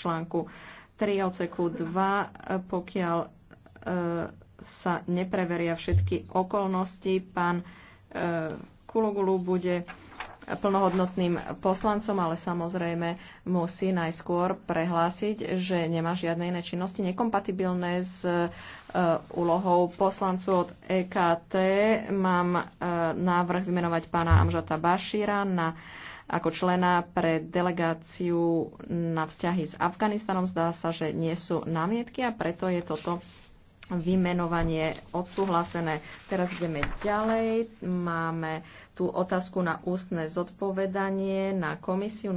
článku 3 oceku 2, pokiaľ e, sa nepreveria všetky okolnosti. Pán e, Kulugulu bude plnohodnotným poslancom, ale samozrejme musí najskôr prehlásiť, že nemá žiadne iné činnosti nekompatibilné s e, úlohou poslancu od EKT. Mám e, návrh vymenovať pána Amžata Bašíra na ako člena pre delegáciu na vzťahy s Afganistanom. Zdá sa, že nie sú námietky a preto je toto vymenovanie odsúhlasené. Teraz ideme ďalej. Máme tú otázku na ústne zodpovedanie na komisiu